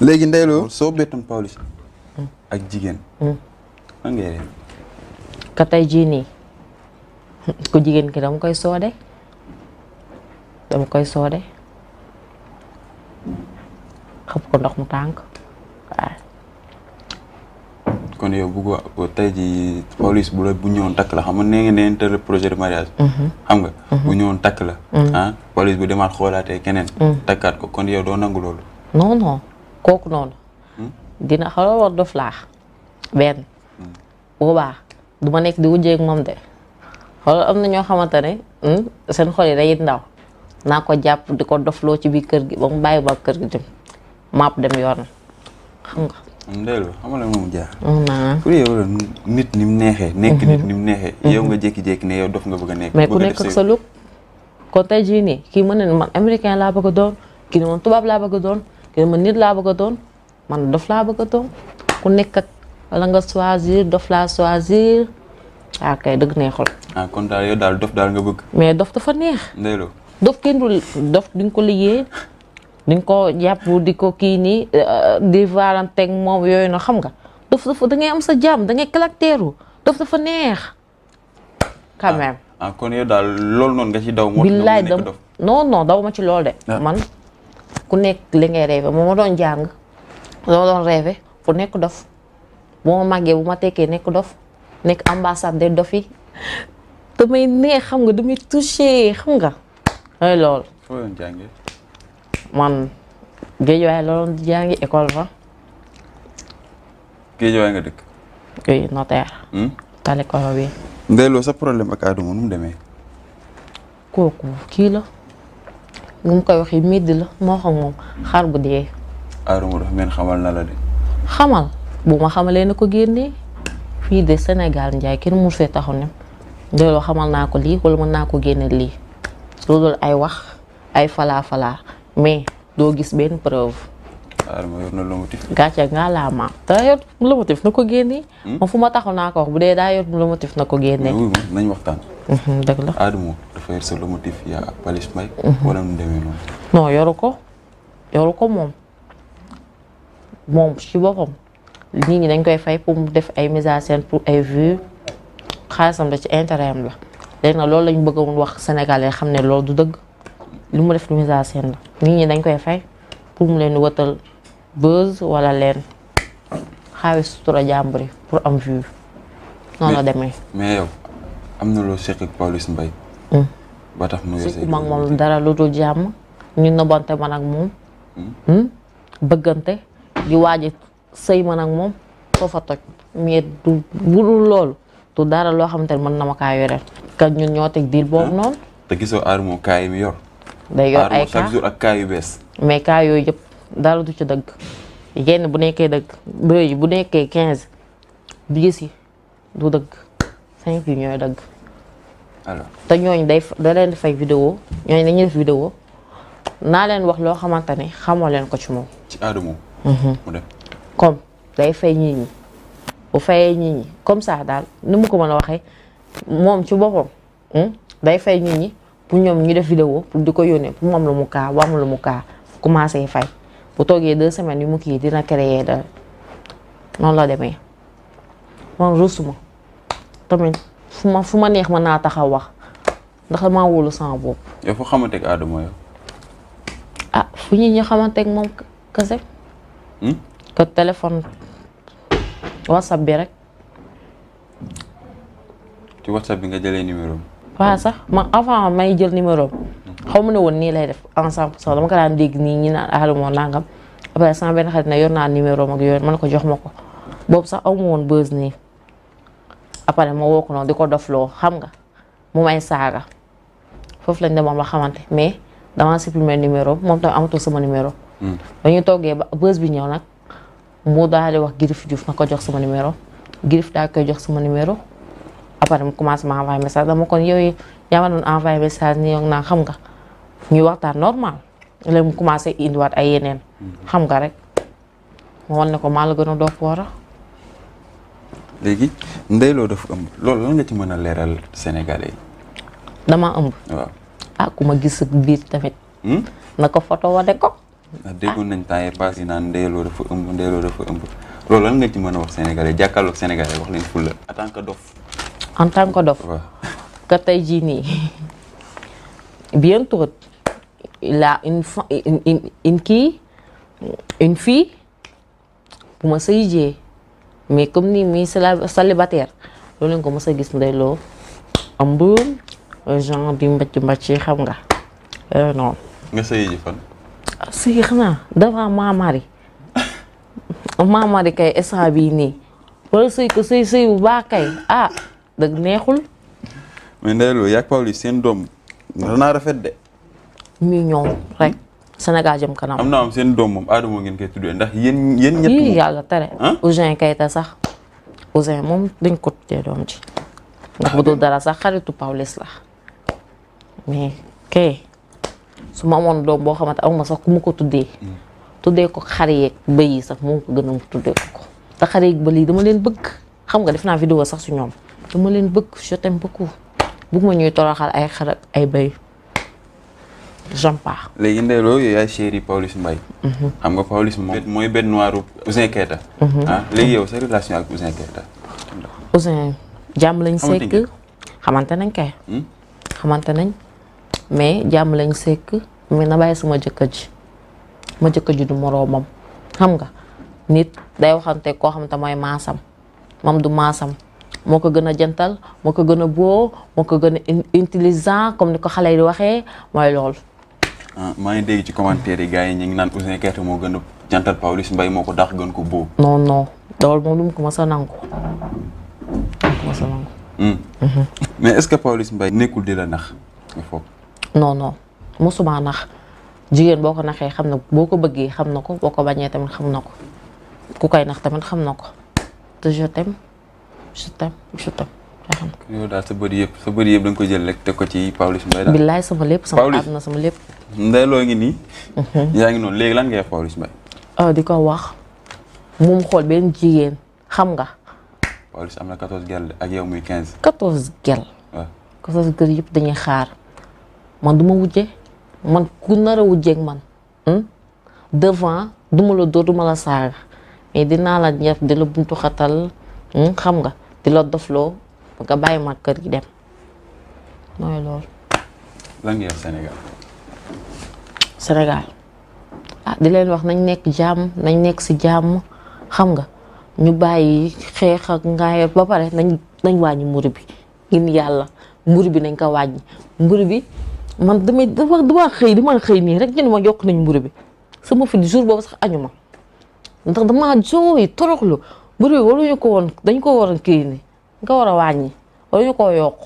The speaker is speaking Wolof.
léegi ndeyloo soo bettoon Pawlish ak jigéen. nan hmm. jii nii ku jigéen ki dama koy soode dama koy soode xëpp ko ndox mu tànk waaw. kon yow bu ko tey jii Pawlish bu la takk la xam nga nee nga nee projet de mariage. Hmm. xam nga. Hmm. bu ñëwoon takk la. ah bu demaat xoolaatee keneen. takkaat ko kon yow doo nangu loolu. non kooku noonu. dina xaw a war dof laax benn. boobaa duma nekk di wujjee ak moom de xool am na ñoo xamante ne hmm, seen xol yi day ndaw naa ko jàpp di ko loo ci biir kër gi ba mu bàyyi ba kër gi dem maap dem yoon xam nga. Ndéeló xam nga lan moom jaar. pour ni mu neexee. nekk nit ni mu neexee. Mhm. yow nga jékki-jékki ne yow dof nga mais ku nekk sa look kon tey jii nii kii mën na ne man américain laa bëgg a doon kii ne man tubaab laa bëgg doon. kii man nit laa bëgg a doon man dof laa bëgg a doon ku nekk la nga choisir dof laa choisir ah kay dëgg neexul. ah kon daal yow daal dof daal nga bëgg. mais dof dafa neex. ndeylo dof kenn du dof di nga ko liggéey di ko jàpp di ko kii nii euh, di valanteeg moom yooyu na xam nga dof dafa da ngay am sa jàmm da ngay caractère dof dafa neex. quand ah, même ah, kon yow daal loolu noonu nga ci daw. moo tax daw ma ci lool de ah. man. ku nekk li ngay rêvé bu ma doon jàng dama doon rêvé pour nekk dof bu ma màggee bu ma tekkee nekk dof nekk ambassade de dof yi damay neex xam nga damay touché xam nga mooy loolu. foo doon jàngee. man Géejawaay la doon jàngi école fa. Géejawaay nga dëkk. oui notaire. Hmm? tali koro bi. Ndeye Lo problème ak Adama nu demee. kooku kii la. nu mu koy waxee medd la moo xam moom xar bu dee. aaruma dafa mel xamal na la de. xamal bu ma xamalee na ko génnee fii de Sénégal njaay kenn mu fee taxaw ne loolu naa ko lii wala mën naa ko génne lii wax ay falaa falaa gis benn preuve. aaruma yor na lomotif. gàcce nga laa ma daa yor lomotif na ko génnee. Hmm? moom fu ma taxaw naa ko wax bu dee daa yor lomotif na ko génnee. Mhm, dëgg la Adamo dafa yor sa lomotif yaa ak Paliss Mbaye. Mhm. wala mu noonu. non yoru ko yoru ko moom moom ci boppam nit ñi dañ koy fay pour mu def ay mise en pour ay vues xaalisam da ci intérêt am la léegi nag loolu lañ bëgg a wax sénégalais xam ne loolu du dëgg lu mu def lu mise en la nit ñi dañ koy fay pour mu leen wëtal buzz wala leen xaawi sutura jàmbur pour am vue noonu la demee am na loo seq ak Pawlish Mbaye hmm. ba tax mu moom dara lu dul jàmm ñu nobante man ak moom hmm? Hmm? bëggante di waaje sëy man ak moom foofa toj mais du budul loolu du dara loo xamante ne mën na ma kaa yoreel ka ñun ñoo teg diir boobu noonu te gisoo aar moom kaa yi mu yor day yor ay kaa yu bees mais kaa yooyu yëpp dara du ci dëgg yenn bu nekkee dëgg bu bu nekkee quinze bi yi du dëgg cinq yu ñooy dagg. te ñooñu day da leen di fay vidéo ñooñu dañuy def vidéo naa leen wax loo xamante ne xamoo leen ko ci moom. Mhm. comme day fay ñii ñi bu fayee nit ñi comme ça daal nu mu ko mën a waxee moom ci boppam hmm, day fay nit ñi pour ñoom ñu def vidéo pour di ko yónnee pour mu lu mu kaa bu am lu mu kaa commencé fay bu toogee deux semaines yu mu kii dina créer dara noonu la demee man ruusuma. tamit fu ma fu ma neex ma naa taxaw wax ndax damaa wóolu sama bopp. yow xamante ak ah, fu ñu xamante ak moom kese. que hmm? téléphone whatsapp rek. ci bi nga jëlee numéro sax ma avant may jël numéro xaw ma ne woon nii lay def ensemble sax dama ko daan dégg nii ñi naan Adamo nangam après sama benn xarit ne yor naa numéro am ak yooyu man ko jox ma ko boobu sax aw woon bës nii. après ma woo ko noonu di ko dofloo xam nga mu may saaga foofu lañ moom ba xamante mais dama supprimer numéro moom tam amatul sama numéro. dañuy hmm. toggee ba bés bi ñëw nag mu daal di wax Griff Diouf na ko jox sama numéro Griff daa koy jox sama numéro après mu commencé ma envoyé message dama kon yow yaa ma doon naa xam nga ñuy waxtaan normal léegi mu commencé indiwaat ay yeneen. Hmm. xam nga rek ma wan ne ko gën a doof wara léegi Ndeye Lo dafa ëmb loolu lan nga ci mën a leeral Sénégalais dama ëmb. ah ku ma gis biir tamit. Hmm? na ko photo wane ko. ah nañ temps yii passé naa Ndeye Lo dafa ëmb dafa ëmb loolu la nga ci mën a wax Sénégalais jàkkaarloog Sénégalais wax leen fulla en tant que dof. en tant que dof. waaw que tey jii nii bientôt il a kii une fille bu ma sëy jee. mais comme nii muy célibataire loolu lañ ko mës a gis mu day loo ëmb genre di mbàcc mbàcc xam nga non. nga sëyi ji fan. sëyi xanaa devant maamari maamari kay instant bii nii wala sëy ko sëy sëy bu baax kay ah dëgg neexul. mais Ndeye Lo yaa Pawlish seen doom. rafet de. ñu Sénégal jam kanam. am na am seen doom moom Adamo ngeen koy tuddee ndax yéen yéen ñett. yii yàlla tere. Ouzin Keita sax Ouzin moom dañ ko tuddee doom ji. ndax dara sax xaritu Pawlish la mais kay su ma amoon doom boo xamante amuma sax ku ma ko tuddee. Hmm. tuddee ko xar yeeg bëy yi sax moom ko gën a mu ko ko te xar yeeg bëy yi dama leen bëgg xam nga def naa vidéo sax su ñoom dama leen bëgg je t'aime beaucoup ma ñuy toroxal ay xar ak ay bëy. Jampa. léegi Ndeye Lo yaay chéri Pawlish mhm. mooy bête noire Ouzin Keita. Mhm. ah léegi yow sa relation ak jàmm lañ sekk hmm? xamante nañ mais jàmm lañ sekk mais na bàyyi sama jëkkër ji ma jëkkër ji du moroomam xam nga nit day waxante koo xam te mooy maasam moom du maasam. moo ko gën a jantal moo ko gën a boo moo ko gën a intelligent comme ni ko xale yi waxee mooy loolu Ah, maa ngi dégg ci commentaire yi gars yi ñu ngi naan Ouzin Keita moo gën a jantal Pawlish Mbaye moo ko dàq gën ko boobu. non non loolu moom dama ko mos a nangu mos a nangu. Hmm. Mhm. mais est-ce que nekkul di la nax il faut. non non mosuma nax jigéen boo ko naxee xam na boo ko bëggee xam na ko boo ko bañee tamit xam na ko ku koy nax tamit xam na ko te je t'aime je boppam. yow yëpp sa bëri yëpp da nga jël rek teg ko ci Pawlish Mbaye daal. billaay sama lépp sama àdduna sama lépp. Ndeye Lo ngi mhm. yaa ngi noonu léegi lan ngay wax oh, di ko wax moom xool benn jigéen xam nga. Pawlish am na 14 gel ak yow muy 15. 14 gel. waaw yëpp dañuy xaar man ma wujje man ku nar a wujjeeg man. Hmm? devant du ma la dóor du ma la saaga mais dinaa la ñef di la buntu xatal hmm? xam nga di la dofloo. jàpp nga bàyyi kër gi dem mooy loolu. lan Sénégal. Sénégal ah di leen wax nañ nekk jàmm nañ nekk si jàmm xam nga ñu bàyyi xeex ak ngaay ba pare nañ nañ wàññi mburu bi ngir yàlla mburu bi nañ ko wàññi mburu bi man damay dama dama xëy dama xëy nii rek ñu ne ma yokk nañ mburu bi sama fi jour boobu sax añu ma ndax damaa jooy toroxlu mburu waruñu ko woon dañ nii nga war a wàññi waruñu koo yokk